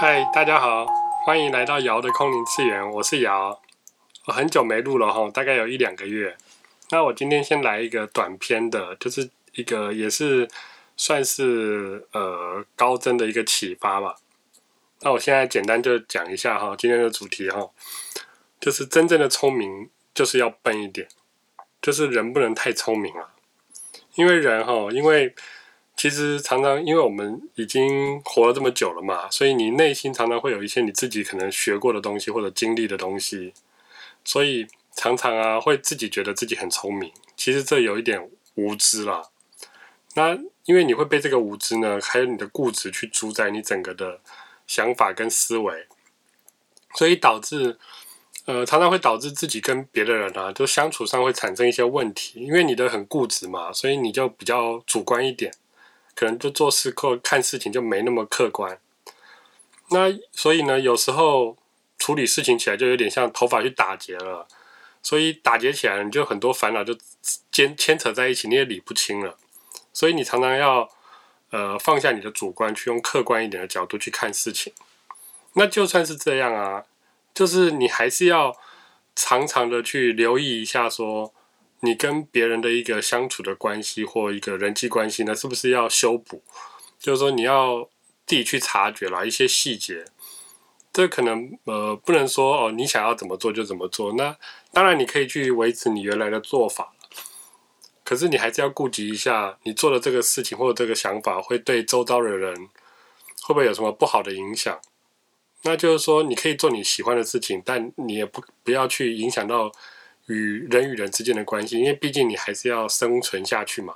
嗨，Hi, 大家好，歡迎來到堯的空靈次元，我是堯，我很久沒錄了哈，大概有一兩個月，那我今天先來一個短篇的，就是一個也是算是呃高深的一個啟發吧。那我現在簡單就講一下哈，今天的主題哈，就是真正的聰明就是要笨一點，就是人不能太聰明了，因為人哈，因為。其實常常，因為我們已經活了這麼久了嘛，所以你內心常常會有一些你自己可能學過的東西或者經歷的東西，所以常常啊，會自己覺得自己很聰明。其實這有一點無知啦。那因為你會被這個無知呢，還有你的固執去主宰你整個的想法跟思維，所以導致呃，常常會導致自己跟別的人啊，就相處上會產生一些問題。因為你的很固執嘛，所以你就比較主觀一點。可能就做事後看事情就沒那麼客觀，那所以呢，有時候處理事情起來就有點像頭髮去打結了，所以打結起來你就很多煩惱就牽牽扯在一起，你也理不清了。所以你常常要呃，放下你的主觀，去用客觀一點的角度去看事情。那就算是這樣啊，就是你還是要常常的去留意一下說。你跟別人的一個相處的關係或一個人際關係呢，是不是要修補？就是說，你要自己去察覺了一些細節。這可能呃，不能說哦，你想要怎麼做就怎麼做。那當然，你可以去維持你原來的做法，可是你還是要顧及一下，你做的這個事情或者這個想法會對周遭的人會不會有什麼不好的影響？那就是說，你可以做你喜歡的事情，但你也不不要去影響到。與人與人之間的關係，因為畢竟你還是要生存下去嘛，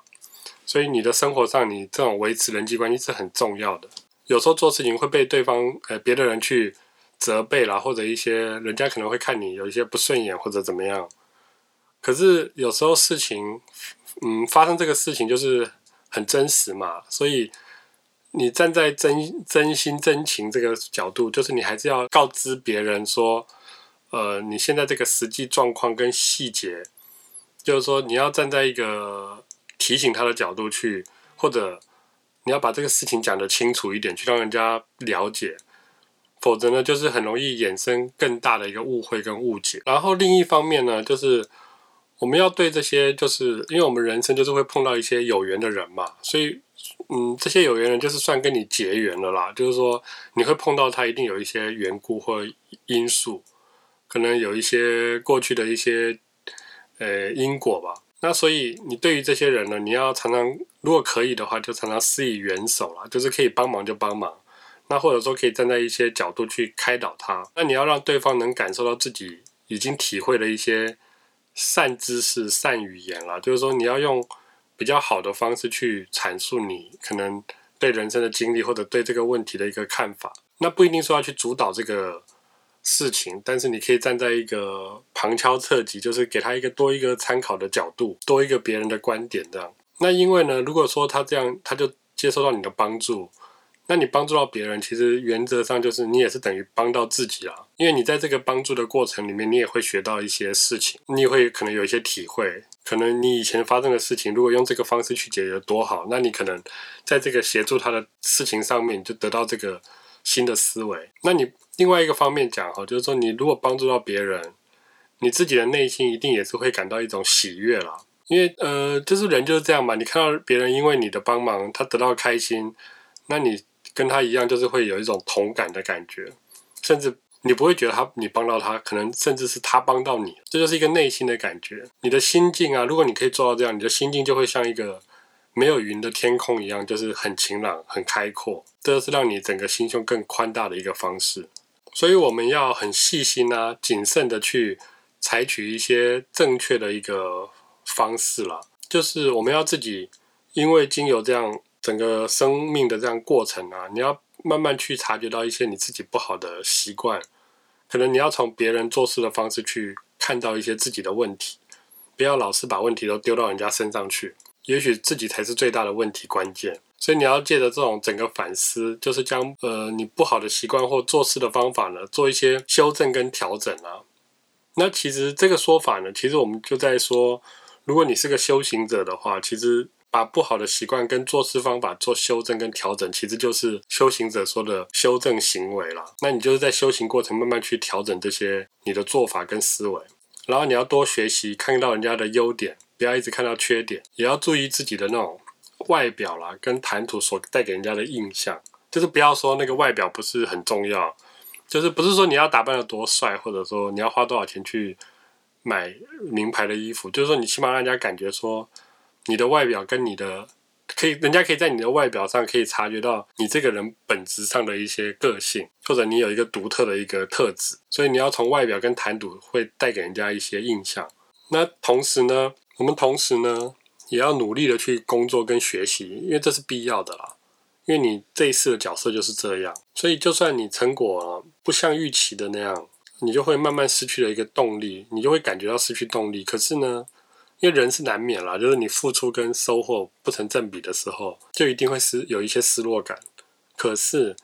所以你的生活上，你這種維持人際關係是很重要的。有時候做事情會被對方，呃，別的人去責備啦，或者一些人家可能會看你有一些不順眼或者怎麼樣。可是有時候事情，嗯，發生這個事情就是很真實嘛，所以你站在真真心真情這個角度，就是你還是要告知別人說。呃，你現在這個實際狀況跟細節，就是說你要站在一個提醒他的角度去，或者你要把這個事情講得清楚一點，去讓人家了解，否則呢，就是很容易衍生更大的一個誤會跟誤解。然後另一方面呢，就是我們要對這些，就是因為我們人生就是會碰到一些有緣的人嘛，所以嗯，這些有緣人就是算跟你結緣了啦，就是說你會碰到他一定有一些緣故或因素。可能有一些過去的一些呃因果吧，那所以你對於這些人呢，你要常常，如果可以的話，就常常施以援手啦，就是可以幫忙就幫忙，那或者說可以站在一些角度去開導他。那你要讓對方能感受到自己已經體會了一些善知識、善語言啦，就是說你要用比較好的方式去闡述你可能對人生的經歷或者對這個問題的一個看法。那不一定說要去主導這個。事情，但是你可以站在一個旁敲側擊，就是給他一個多一個參考的角度，多一個別人的觀點這樣。那因為呢，如果說他這樣，他就接受到你的幫助，那你幫助到別人，其實原則上就是你也是等於幫到自己了，因為你在這個幫助的過程裡面，你也會學到一些事情，你也會可能有一些體會。可能你以前發生的事情，如果用這個方式去解決多好，那你可能在這個協助他的事情上面，你就得到這個新的思維。那你。另外一個方面講哈，就是說你如果幫助到別人，你自己的內心一定也是會感到一種喜悅啦。因為呃，就是人就是這樣嘛，你看到別人因為你的幫忙，他得到開心，那你跟他一樣，就是會有一種同感的感覺，甚至你不會覺得他，你幫到他，可能甚至是他幫到你，這就是一個內心的感覺。你的心境啊，如果你可以做到這樣，你的心境就會像一個沒有雲的天空一樣，就是很晴朗、很開闊。這是讓你整個心胸更寬大的一個方式。所以我們要很細心啊，謹慎的去採取一些正確的一個方式啦。就是我們要自己，因為經由這樣整個生命的這樣過程啊，你要慢慢去察覺到一些你自己不好的習慣。可能你要從別人做事的方式去看到一些自己的問題，不要老是把問題都丟到人家身上去。也許自己才是最大的問題關鍵。所以你要借着這種整個反思，就是將呃，你不好的習慣或做事的方法呢，做一些修正跟調整啊。那其實這個說法呢，其實我們就在說，如果你是個修行者的話，其實把不好的習慣跟做事方法做修正跟調整，其實就是修行者說的修正行為了。那你就是在修行過程慢慢去調整這些你的做法跟思維，然後你要多學習，看到人家的優點，不要一直看到缺點，也要注意自己的那種。外表啦，跟談吐所帶給人家的印象，就是不要說那個外表不是很重要，就是不是說你要打扮得多帥，或者說你要花多少錢去買名牌的衣服，就是說你起碼讓人家感覺說你的外表跟你的可以，人家可以在你的外表上可以察覺到你這個人本質上的一些個性，或者你有一個獨特的一個特質，所以你要從外表跟談吐會帶給人家一些印象。那同時呢，我們同時呢。也要努力的去工作跟學習，因為這是必要的啦。因為你這一次的角色就是這樣，所以就算你成果不像預期的那樣，你就會慢慢失去了一個動力，你就會感覺到失去動力。可是呢，因為人是難免啦，就是你付出跟收穫不成正比的時候，就一定會失有一些失落感。可是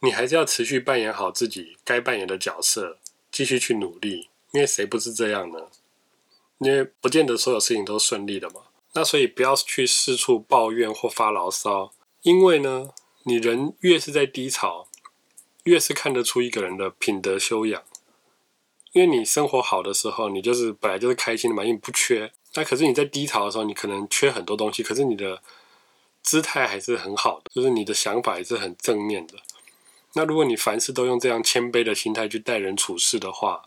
你還是要持續扮演好自己該扮演的角色，繼續去努力，因為誰不是這樣呢？因為不見得所有事情都順利的嘛。那所以不要去四處抱怨或發牢騷，因為呢，你人越是在低潮，越是看得出一個人的品德修養。因為你生活好的時候，你就是本來就是開心的嘛，因為你不缺。那可是你在低潮的時候，你可能缺很多東西，可是你的姿態還是很好的，就是你的想法也是很正面的。那如果你凡事都用這樣謙卑的心態去待人處事的話，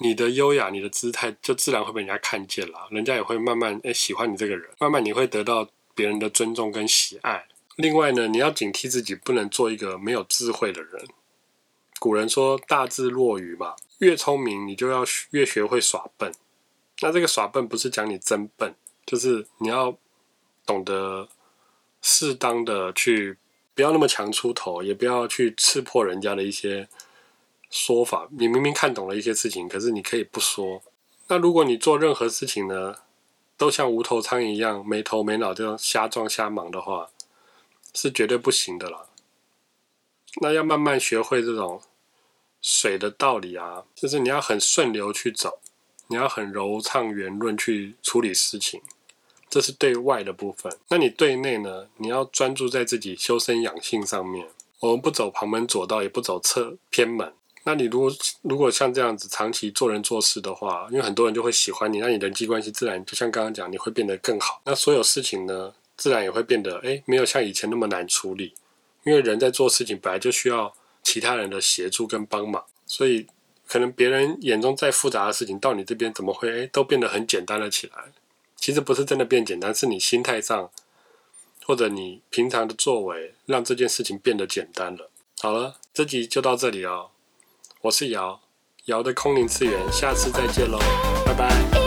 你的優雅，你的姿態，就自然會被人家看見啦。人家也會慢慢誒、欸、喜歡你這個人，慢慢你會得到別人的尊重跟喜愛。另外呢，你要警惕自己，不能做一個沒有智慧的人。古人說“大智若愚”嘛，越聰明你就要越學會耍笨。那這個耍笨不是講你真笨，就是你要懂得適當的去，不要那麼強出頭，也不要去刺破人家的一些。說法，你明明看懂了一些事情，可是你可以不說。那如果你做任何事情呢，都像無頭蒼蠅一樣沒頭沒腦這樣瞎撞瞎忙的話，是絕對不行的啦。那要慢慢學會這種水的道理啊，就是你要很順流去走，你要很柔暢圓潤去處理事情，這是對外的部分。那你對內呢，你要專注在自己修身養性上面。我們不走旁門左道，也不走側偏門。那你如果如果像這樣子長期做人做事的話，因為很多人就會喜歡你，那你人際關係自然就像剛剛講，你會變得更好。那所有事情呢，自然也會變得誒，沒有像以前那麼難處理。因為人在做事情本來就需要其他人的協助跟幫忙，所以可能別人眼中再複雜的事情到你這邊，怎麼會誒都變得很簡單了起來？其實不是真的變簡單，是你心態上或者你平常的作為讓這件事情變得簡單了。好了，這集就到這裡啊、哦。我是瑤，瑤的空靈次元，下次再見嘍，拜拜。